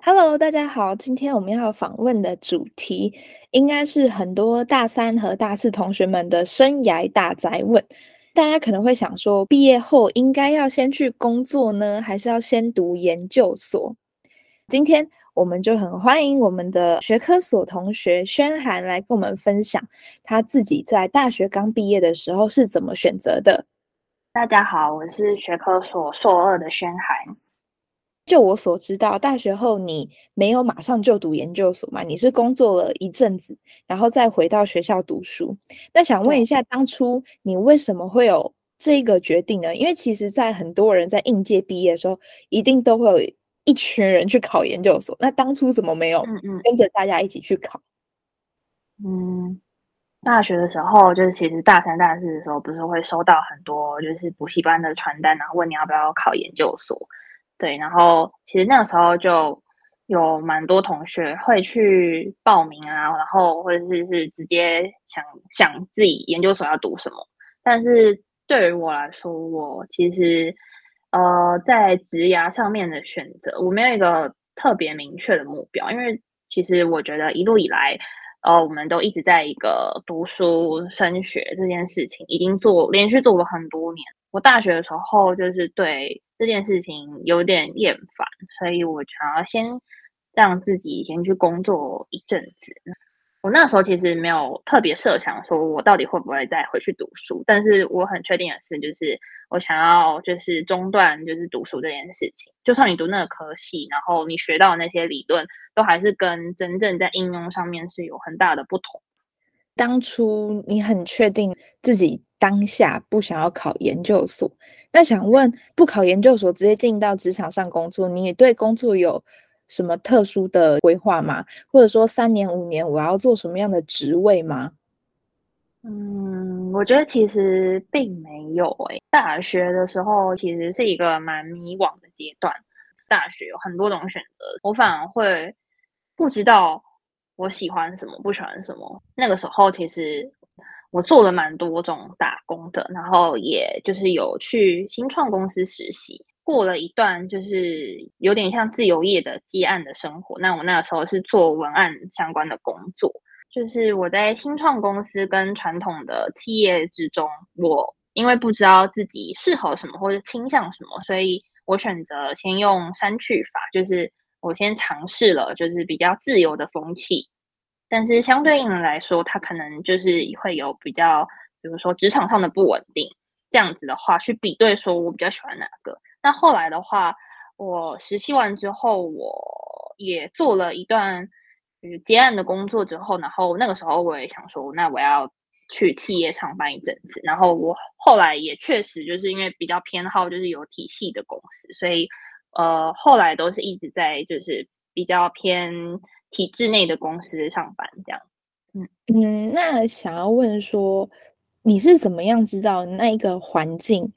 Hello，大家好。今天我們要訪問的主題，應該是很多大三和大四同學們的生涯大哉問。大家可能會想說，畢業後應該要先去工作呢，還是要先讀研究所？今天我們就很歡迎我們的學科所同學暄函來跟我們分享他自己在大學剛畢業的時候是怎麼選擇的。大家好，我是學科所碩二的暄函。就我所知道，大學後你沒有馬上就讀研究所嘛？你是工作了一陣子，然後再回到學校讀書。那想問一下，當初你為什麼會有這個決定呢？因為其實在很多人在應屆畢業的時候，一定都會有。一群人去考研究所，那當初怎麼沒有跟着大家一起去考？嗯，嗯，大學的時候就是其實大三、大四的時候，不是會收到很多就是補習班的傳單，然後問你要不要考研究所？對，然後其實那個時候就有蠻多同學會去報名啊，然後或者是，是直接想想自己研究所要讀什麼。但是對於我來說，我其實。呃，在職涯上面的選擇，我沒有一個特別明確的目標，因為其實我覺得一路以來，呃，我們都一直在一個讀書升學這件事情已經做，連續做了很多年。我大學的時候就是對這件事情有點厭煩，所以我想要先讓自己先去工作一陣子。我那時候其實沒有特別設想，說我到底會不會再回去讀書。但是我很確定的是，就是我想要就是中斷就是讀書這件事情。就算你讀那個科系，然後你學到的那些理論，都還是跟真正在應用上面是有很大的不同。當初你很確定自己當下不想要考研究所，但想問，不考研究所直接進到職場上工作，你也對工作有？什麼特殊的規劃嗎？或者說三年五年我要做什麼樣的職位嗎？嗯，我覺得其實並沒有欸。大學的時候其實是一個蠻迷惘的階段，大學有很多種選擇，我反而會不知道我喜歡什麼不喜歡什麼。那個時候其實我做了蠻多種打工的，然後也就是有去新創公司實習。過了一段就是有點像自由業的接案的生活。那我那個時候是做文案相關的工作，就是我在新創公司跟傳統的企業之中，我因為不知道自己適合什麼或者傾向什麼，所以我選擇先用刪去法，就是我先嘗試了，就是比較自由的風氣，但是相對應來說，它可能就是會有比較，比如說職場上的不穩定。這樣子的話，去比對說我比較喜歡哪個。那後來的話，我實習完之後，我也做了一段就是接案的工作之後，然後那個時候我也想說，那我要去企業上班一陣子。然後我後來也確實就是因為比較偏好就是有體系的公司，所以呃，後來都是一直在就是比較偏體制內的公司上班這樣。嗯嗯，那想要問說，你是怎麼樣知道那一個環境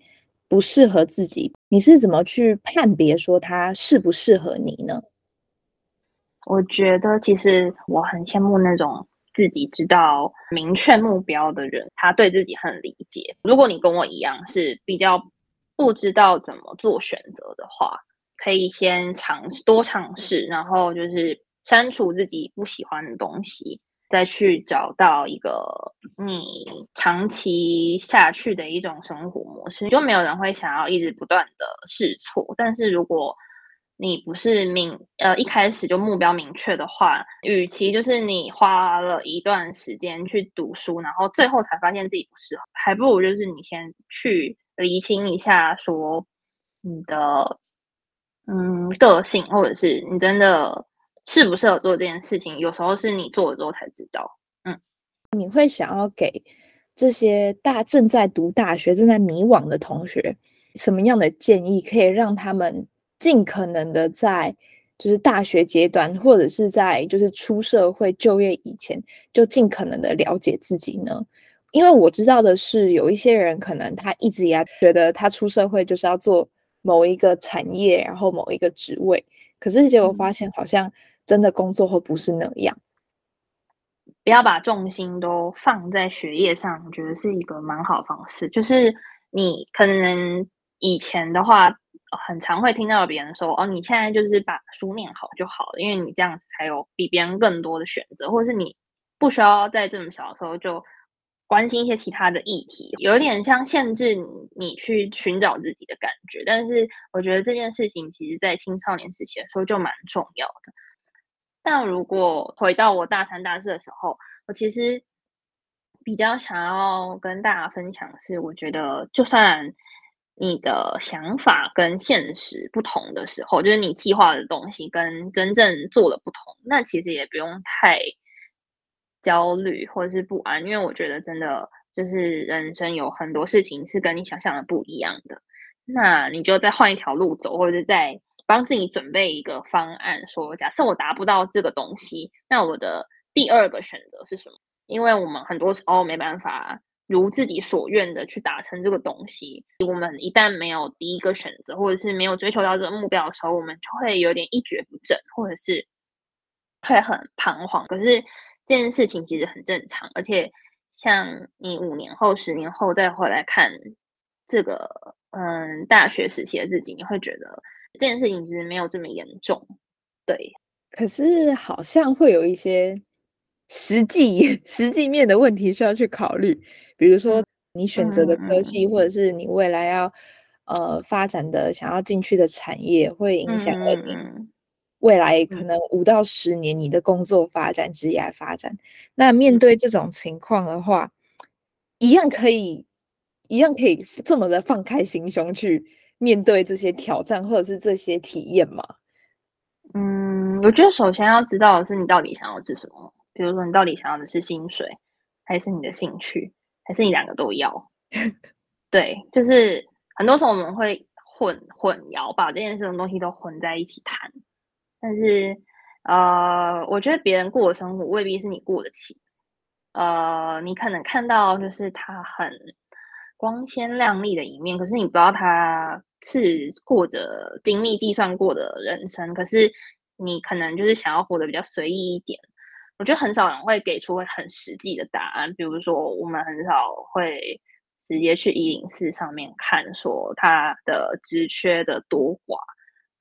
不適合自己？你是怎麼去判別說他適不適合你呢？我覺得其實我很羨慕那種自己知道明確目標的人，他對自己很理解。如果你跟我一樣是比較不知道怎麼做選擇的話，可以先嘗試，多嘗試，然後就是刪除自己不喜歡的東西。再去找到一個你長期下去的一種生活模式，就沒有人會想要一直不斷的試錯。但是如果你不是明呃一開始就目標明確的話，與其就是你花了一段時間去讀書，然後最後才發現自己不適合，還不如就是你先去釐清一下說你的嗯個性，或者是你真的。適不適合做這件事情，有時候是你做了之後才知道。嗯，你會想要給這些大正在讀大學、正在迷惘的同學什麼樣的建議，可以讓他們盡可能的在就是大學階段，或者是在就是出社會就業以前，就盡可能的了解自己呢？因為我知道的是，有一些人可能他一直以來覺得他出社會就是要做某一個產業，然後某一個職位，可是結果發現好像。真的工作後不是那樣，不要把重心都放在學業上，我覺得是一個蠻好的方式。就是你可能以前的話，很常會聽到別人說：“哦，你現在就是把書念好就好了，因為你這樣子才有比別人更多的選擇，或者是你不需要在這麼小的時候就關心一些其他的議題，有一點像限制你，你去尋找自己的感覺。”但是我覺得這件事情，其實在青少年時期的時候就蠻重要的。那如果回到我大三大四的時候，我其實比較想要跟大家分享的是，我覺得就算你的想法跟現實不同的時候，就是你計劃的東西跟真正做的不同，那其實也不用太焦慮或者是不安，因為我覺得真的就是人生有很多事情是跟你想象的不一樣的，那你就再換一條路走，或者再。幫自己準備一個方案，說假設我達不到這個東西，那我的第二個選擇是什麼？因為我們很多時候，哦，沒辦法如自己所願的去達成這個東西。我們一旦沒有第一個選擇，或者是沒有追求到這個目標的時候，我們就會有點一蹶不振，或者是會很彷徨。可是這件事情其實很正常，而且像你五年後、十年後再回來看這個嗯大學時期的自己，你會覺得。這件事情其實沒有這麼嚴重，對。可是好像會有一些實際實際面的問題需要去考慮，比如說你選擇的科系，嗯、或者是你未來要呃發展的、想要進去的產業，會影響了你未來可能五到十年你的工作發展、職業、嗯、發展。那面對這種情況的話，嗯、一樣可以，一樣可以這麼的放開心胸去。面對這些挑戰或者是這些體驗嗎？嗯，我覺得首先要知道是你到底想要的是什麼。比如說，你到底想要的是薪水，還是你的興趣，還是你兩個都要？ 對，就是很多時候我們會混混淆，要把這件事的東西都混在一起談。但是，呃，我覺得別人過的生活未必是你過得起。呃，你可能看到就是他很光鮮亮麗的一面，可是你不知道他。是過着精密計算過的人生，可是你可能就是想要活得比較隨意一點。我覺得很少人會給出很實際的答案，比如說我們很少會直接去一零四上面看說他的職缺的多寡，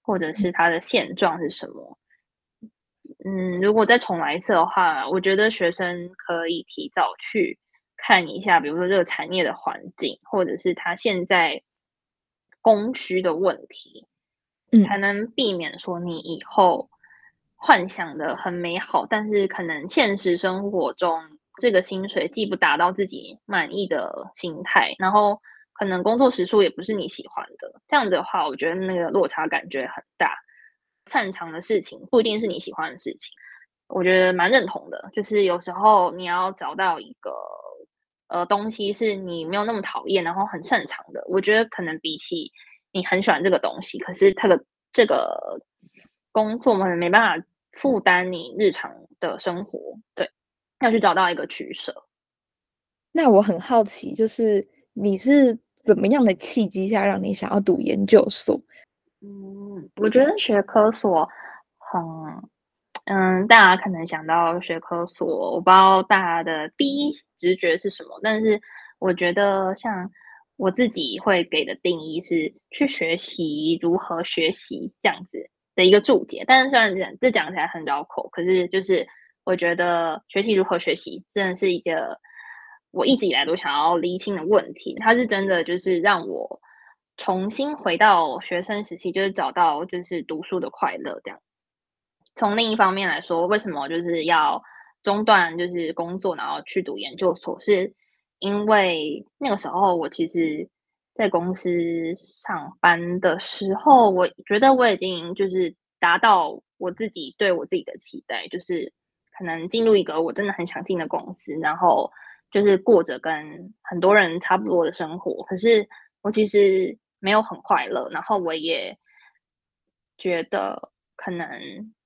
或者是他的現狀是什麼。嗯，如果再重來一次的話，我覺得學生可以提早去看一下，比如說這個產業的環境，或者是他現在。供需的問題，才能避免說你以後幻想的很美好，但是可能現實生活中這個薪水既不達到自己滿意的心態，然後可能工作時數也不是你喜歡的。這樣子的話，我覺得那個落差感覺很大。擅長的事情不一定是你喜歡的事情，我覺得蠻認同的。就是有時候你要找到一個。呃，東西是你沒有那麼討厭，然後很擅長的，我覺得可能比起你很喜歡這個東西，可是它的這個工作嘛，沒辦法負擔你日常的生活，對，要去找到一個取舍。那我很好奇，就是你是怎麼樣的契機下讓你想要讀研究所？嗯，我覺得學科所很。嗯嗯，大家可能想到學科所，我不知道大家的第一直覺是什麼，但是我覺得像我自己會給的定義是去學習如何學習這樣子的一個注解。但是雖然這這講起來很繞口，可是就是我覺得學習如何學習真的是一個我一直以來都想要釐清的問題。它是真的就是讓我重新回到學生時期，就是找到就是讀書的快樂這樣子。從另一方面來說，為什麼就是要中斷就是工作，然後去讀研究所？是因為那個時候我其實，在公司上班的時候，我覺得我已經就是達到我自己對我自己的期待，就是可能進入一個我真的很想進的公司，然後就是過着跟很多人差不多的生活。可是我其實沒有很快樂，然後我也覺得可能。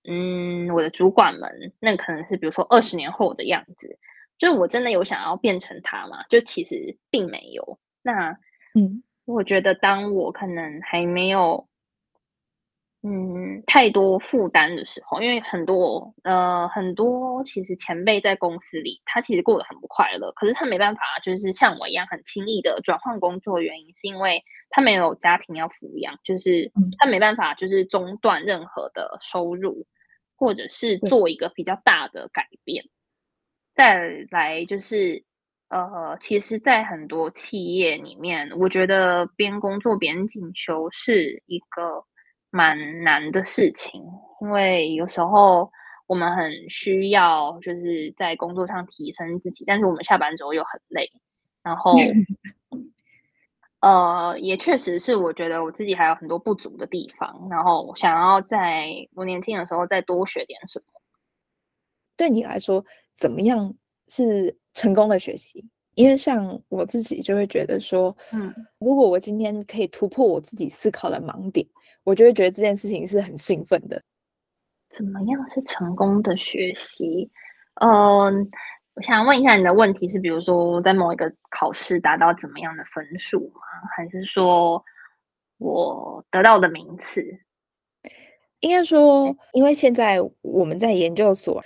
嗯，我的主管們，那可能是比如說二十年後的樣子，就是我真的有想要變成他嘛？就其實並沒有。那嗯，我覺得當我可能還沒有嗯太多負擔的時候，因為很多呃很多其實前輩在公司裡，他其實過得很不快樂，可是他沒辦法，就是像我一樣很輕易的轉換工作，原因是因為他沒有家庭要撫養，就是他沒辦法就是中斷任何的收入。或者是做一個比較大的改變，再來就是呃，其實，在很多企業裡面，我覺得邊工作邊進修是一個蠻難的事情，因為有時候我們很需要就是在工作上提升自己，但是我們下班之後又很累，然後。 呃，也確實是，我覺得我自己還有很多不足的地方，然後想要在我年輕的時候再多學點什麼。對你來說，怎麼樣是成功的學習？因為像我自己就會覺得說，嗯，如果我今天可以突破我自己思考的盲點，我就會覺得這件事情是很興奮的。怎麼樣是成功的學習？嗯。我想問一下你的問題是，比如說在某一個考試達到怎麼樣的分數嗎？還是說我得到的名次？應該說，因為現在我們在研究所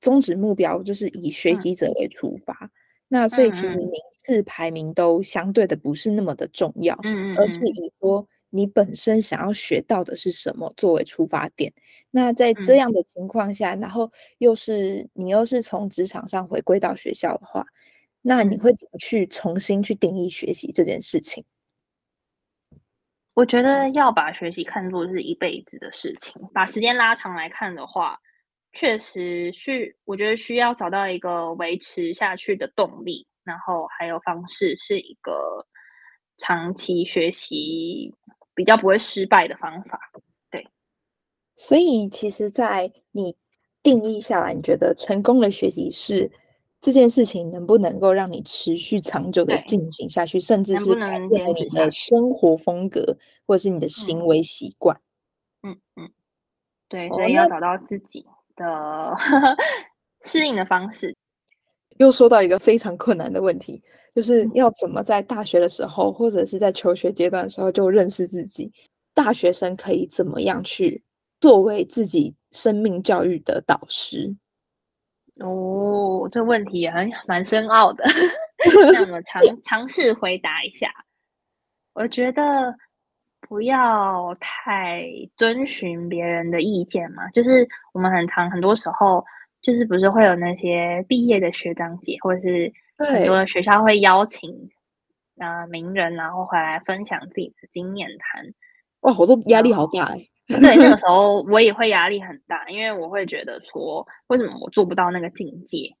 宗旨目標就是以學習者為出發，嗯、那所以其實名次排名都相對的不是那麼的重要，嗯嗯，而是以說。你本身想要學到的是什麼作為出發點？那在這樣的情況下，嗯、然後又是你又是從職場上回歸到學校的話，那你會怎麼去重新去定義學習這件事情？我覺得要把學習看作是一輩子的事情，把時間拉長來看的話，確實是我覺得需要找到一個維持下去的動力，然後還有方式是一個長期學習。比較不會失敗的方法，對。所以，其實，在你定義下來，你覺得成功的學習是、嗯、這件事情能不能夠讓你持續長久的進行下去，對甚至是改變你的生活風格，能能或者是你的行為習慣？嗯嗯，對，oh, 所以要找到自己的適那 應的方式。又說到一個非常困難的問題，就是要怎麼在大學的時候，或者是在求學階段的時候就認識自己。大學生可以怎麼樣去作為自己生命教育的導師？哦，這問題還蠻深奧的。讓 我嘗 嘗試回答一下。我覺得不要太遵循別人的意見嘛，就是我們很常很多時候。就是不是會有那些畢業的學長姐，或者是很多的學校會邀請啊對、呃、名人，然後回來分享自己的經驗談。哇，好多壓力好大耶。 對，那個時候我也會壓力很大，因為我會覺得說，為什麼我做不到那個境界？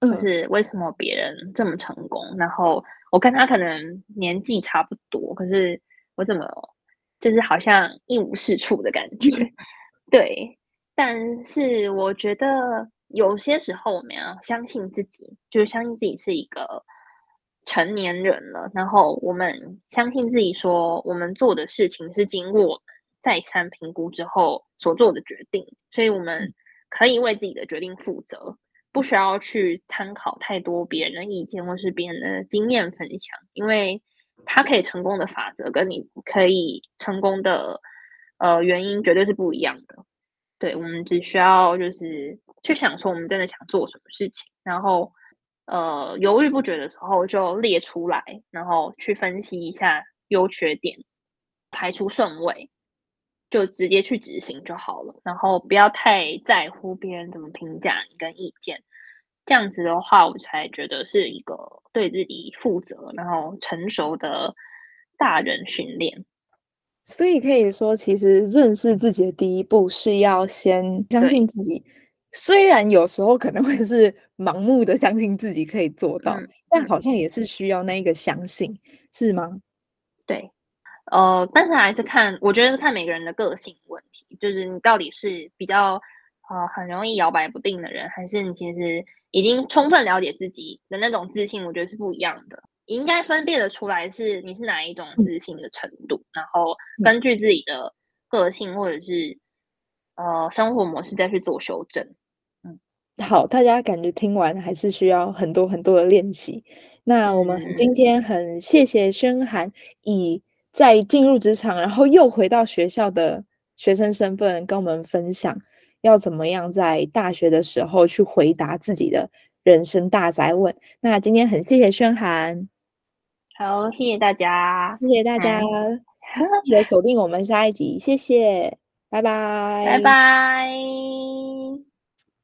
就是為什麼別人這麼成功？嗯、然後我跟他可能年紀差不多，可是我怎麼就是好像一無是處的感覺。 對。但是我覺得有些時候我們要相信自己，就是相信自己是一個成年人了。然後我們相信自己說，我們做的事情是經過再三評估之後所做的決定，所以我們可以為自己的決定負責，不需要去參考太多別人的意見或是別人的經驗分享，因為他可以成功的法則跟你可以成功的，呃，原因絕對是不一樣的。對，我們只需要就是去想說我們真的想做什麼事情，然後呃猶豫不決的時候就列出來，然後去分析一下優缺點，排除順位，就直接去執行就好了。然後不要太在乎別人怎麼評價跟意見，這樣子的話我才覺得是一個對自己負責，然後成熟的大人訓練。所以可以說，其實認識自己的第一步是要先相信自己。對雖然有時候可能會是盲目的相信自己可以做到，嗯、但好像也是需要那一個相信，是嗎？對，呃，但是還是看，我覺得是看每個人的個性問題。就是你到底是比較呃很容易搖擺不定的人，還是你其實已經充分了解自己的那種自信，我覺得是不一樣的。應該分辨得出來是你是哪一種自信的程度，嗯、然後根據自己的個性或者是、嗯、呃生活模式再去做修正。嗯，好，大家感覺聽完還是需要很多很多的練習。那我們今天很謝謝暄函，以在進入職場、嗯、然後又回到學校的學生身份跟我們分享要怎麼樣在大學的時候去回答自己的人生大哉問。那今天很謝謝暄函。好，謝謝大家，謝謝大家，記得鎖定我們下一集， 謝謝，拜拜，拜拜。